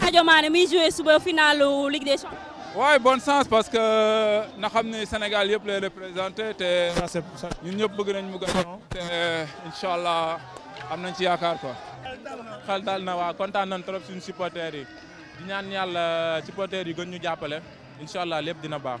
Sadio Mané muy joué suba finalu Ligue waaye bonne chance parce que euh, na xam ni Sénégal yëpp lay représenté te ñun ñëpp bëgg nañ mu gagnon te euh, incha allah am nañ ci yaakaar quoi. xel dal na waaw kontaan nañ trop suñu supporters yi di ñaan yàlla supporters yi gën ñu jàppale incha allah lépp dina baax.